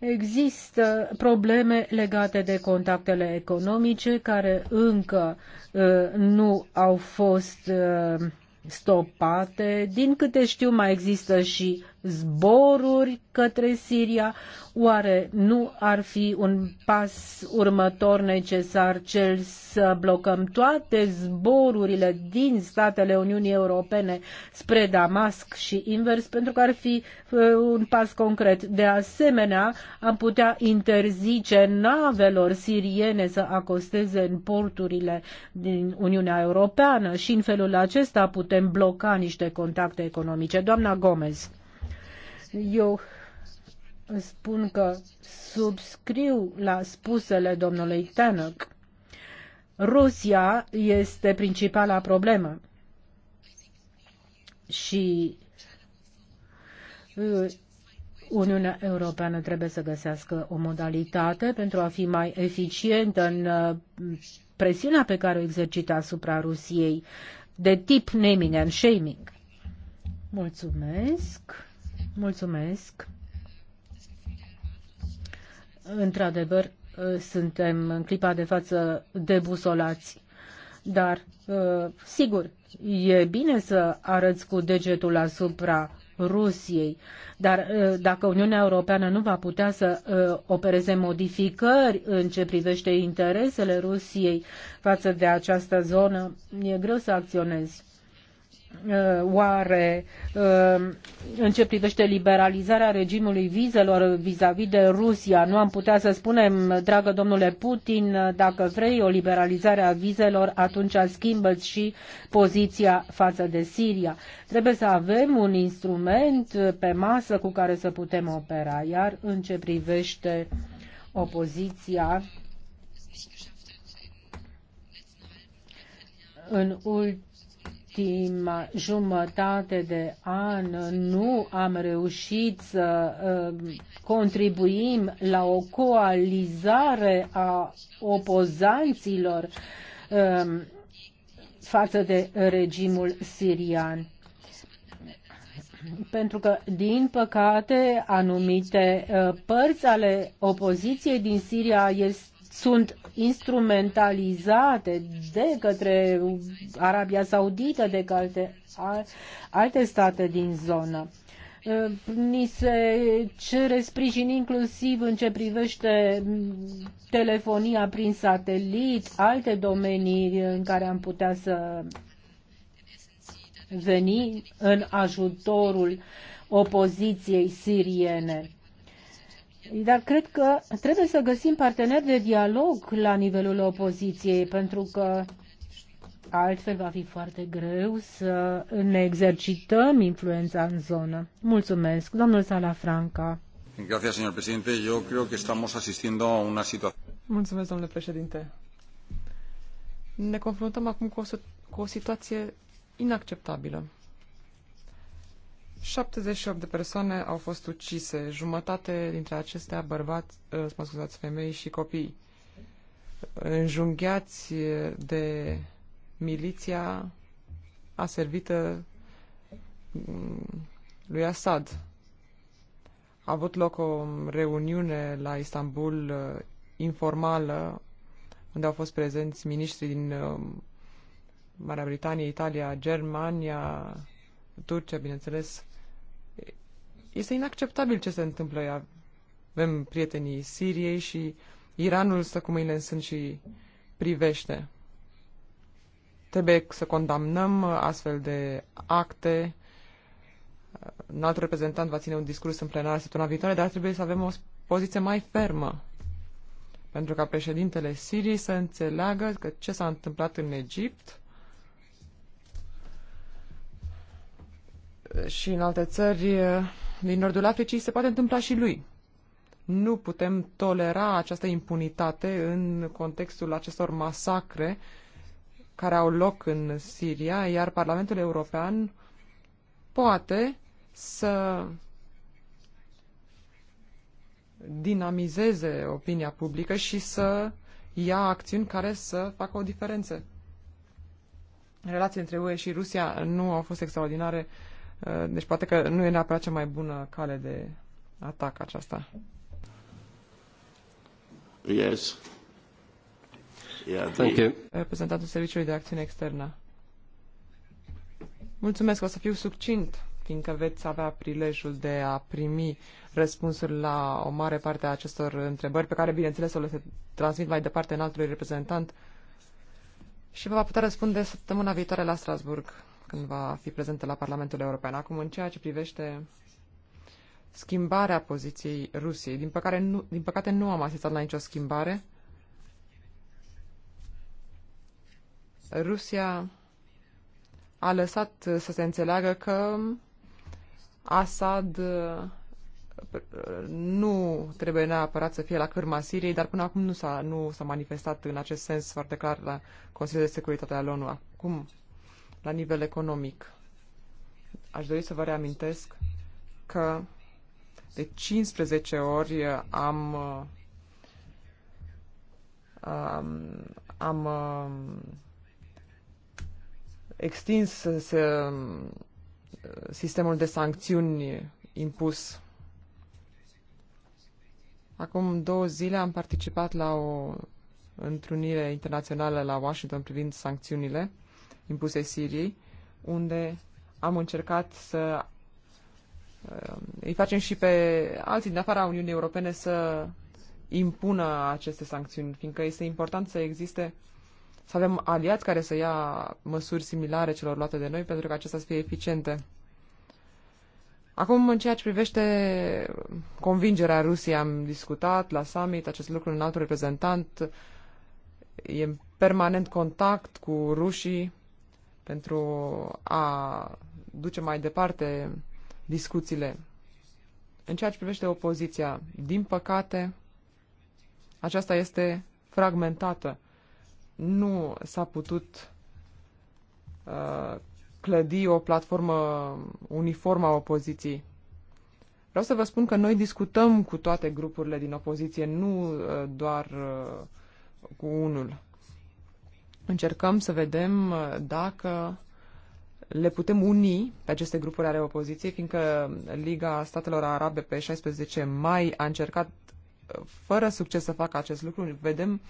[SPEAKER 1] Există probleme legate de contactele economice care încă uh, nu au fost uh, stopate. Din câte știu, mai există și zboruri către Siria, oare nu ar fi un pas următor necesar cel să blocăm toate zborurile din statele Uniunii Europene spre Damasc și invers, pentru că ar fi uh, un pas concret. De asemenea, am putea interzice navelor siriene să acosteze în porturile din Uniunea Europeană și în felul acesta putem bloca niște contacte economice. Doamna Gomez eu spun că subscriu la spusele domnului Tanăc. Rusia este principala problemă și uh, Uniunea Europeană trebuie să găsească o modalitate pentru a fi mai eficientă în uh, presiunea pe care o exercită asupra Rusiei de tip naming and shaming. Mulțumesc. Mulțumesc. Într-adevăr, suntem în clipa de față debusolați. Dar, uh, sigur, e bine să arăți cu degetul asupra Rusiei. Dar uh, dacă Uniunea Europeană nu va putea să uh, opereze modificări în ce privește interesele Rusiei față de această zonă, e greu să acționezi. Uh, oare uh, în ce privește liberalizarea regimului vizelor vis-a-vis -vis de Rusia, nu am putea să spunem, dragă domnule Putin, dacă vrei o liberalizare a vizelor, atunci schimbă și poziția față de Siria. Trebuie să avem un instrument pe masă cu care să putem opera, iar în ce privește opoziția, în ultimul ultima jumătate de an nu am reușit să uh, contribuim la o coalizare a opozanților um, față de regimul sirian pentru că, din păcate, anumite uh, părți ale opoziției din Siria sunt instrumentalizate de către Arabia Saudită, de către alte state din zonă. Ă, ni se cere sprijin inclusiv în ce privește telefonia prin satelit, alte domenii în care am putea să veni în ajutorul opoziției siriene. Dar cred că trebuie să găsim parteneri de dialog la nivelul opoziției, pentru că altfel va fi foarte greu să ne exercităm influența în zonă. Mulțumesc,
[SPEAKER 2] domnul Salafranca. Gracias, señor presidente. Yo creo que estamos asistiendo a una situación. Mulțumesc, domnule președinte. Ne confruntăm acum cu o, cu o situație inacceptabilă. 78 de persoane au fost ucise, jumătate dintre acestea bărbați, ă, mă scuzați, femei și copii, înjunghiați de miliția aservită lui Assad. A avut loc o reuniune la Istanbul ă, informală, unde au fost prezenți miniștri din ă, Marea Britanie, Italia, Germania, Turcia, bineînțeles, este inacceptabil ce se întâmplă. Avem prietenii Siriei și Iranul stă cu mâinile în sân și privește. Trebuie să condamnăm astfel de acte. Un alt reprezentant va ține un discurs în plenară săptămâna viitoare, dar trebuie să avem o poziție mai fermă pentru ca președintele Siriei să înțeleagă că ce s-a întâmplat în Egipt și în alte țări din nordul Africii, se poate întâmpla și lui. Nu putem tolera această impunitate în contextul acestor masacre care au loc în Siria, iar Parlamentul European poate să dinamizeze opinia publică și să ia acțiuni care să facă o diferență. Relații între UE și Rusia nu au fost extraordinare Uh, deci poate că nu e neapărat cea mai bună cale de atac aceasta.
[SPEAKER 3] Yes. Yeah, thank you.
[SPEAKER 2] Reprezentantul Serviciului de Acțiune Externă. Mulțumesc, o să fiu succint, fiindcă veți avea prilejul de a primi răspunsuri la o mare parte a acestor întrebări, pe care, bineînțeles, o le transmit mai departe în altului reprezentant și vă va putea răspunde săptămâna viitoare la Strasburg când va fi prezentă la Parlamentul European. Acum, în ceea ce privește schimbarea poziției Rusiei, din, păcate nu, din păcate nu am asistat la nicio schimbare. Rusia a lăsat să se înțeleagă că Assad uh, nu trebuie neapărat să fie la cârma Siriei, dar până acum nu s-a, nu s-a manifestat în acest sens foarte clar la Consiliul de Securitate al ONU. Acum la nivel economic. Aș dori să vă reamintesc că de 15 ori am am, am extins sistemul de sancțiuni impus. Acum două zile am participat la o întrunire internațională la Washington privind sancțiunile impuse Siriei, unde am încercat să um, îi facem și pe alții din afara Uniunii Europene să impună aceste sancțiuni, fiindcă este important să existe, să avem aliați care să ia măsuri similare celor luate de noi pentru că acestea să fie eficiente. Acum, în ceea ce privește convingerea Rusiei, am discutat la summit acest lucru în altul reprezentant, e în permanent contact cu rușii, pentru a duce mai departe discuțiile. În ceea ce privește opoziția, din păcate, aceasta este fragmentată. Nu s-a putut uh, clădi o platformă uniformă a opoziției. Vreau să vă spun că noi discutăm cu toate grupurile din opoziție, nu uh, doar uh, cu unul. Încercăm să vedem uh, dacă le putem uni pe aceste grupuri ale opoziției, fiindcă Liga Statelor Arabe pe 16 mai a încercat uh, fără succes să facă acest lucru. Vedem,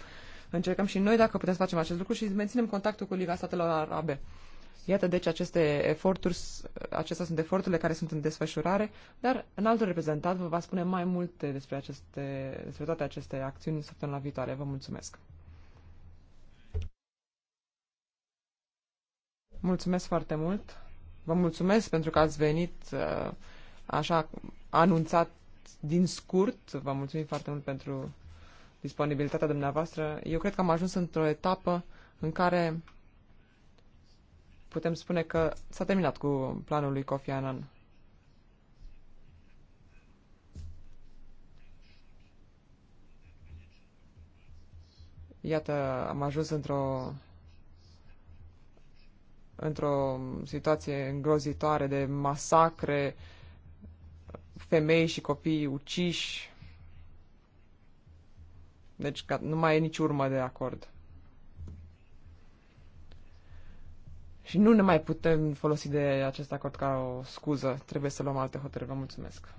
[SPEAKER 2] încercăm și noi dacă putem să facem acest lucru și menținem contactul cu Liga Statelor Arabe. Iată, deci, aceste eforturi, uh, acestea sunt eforturile care sunt în desfășurare, dar în altul reprezentant vă va spune mai multe despre, aceste, despre toate aceste acțiuni săptămâna viitoare. Vă mulțumesc! Mulțumesc foarte mult. Vă mulțumesc pentru că ați venit uh, așa anunțat din scurt. Vă mulțumim foarte mult pentru disponibilitatea dumneavoastră. Eu cred că am ajuns într-o etapă în care putem spune că s-a terminat cu planul lui Kofi Annan. Iată, am ajuns într-o într-o situație îngrozitoare de masacre, femei și copii uciși. Deci nu mai e nici urmă de acord. Și nu ne mai putem folosi de acest acord ca o scuză. Trebuie să luăm alte hotărâri. Vă mulțumesc.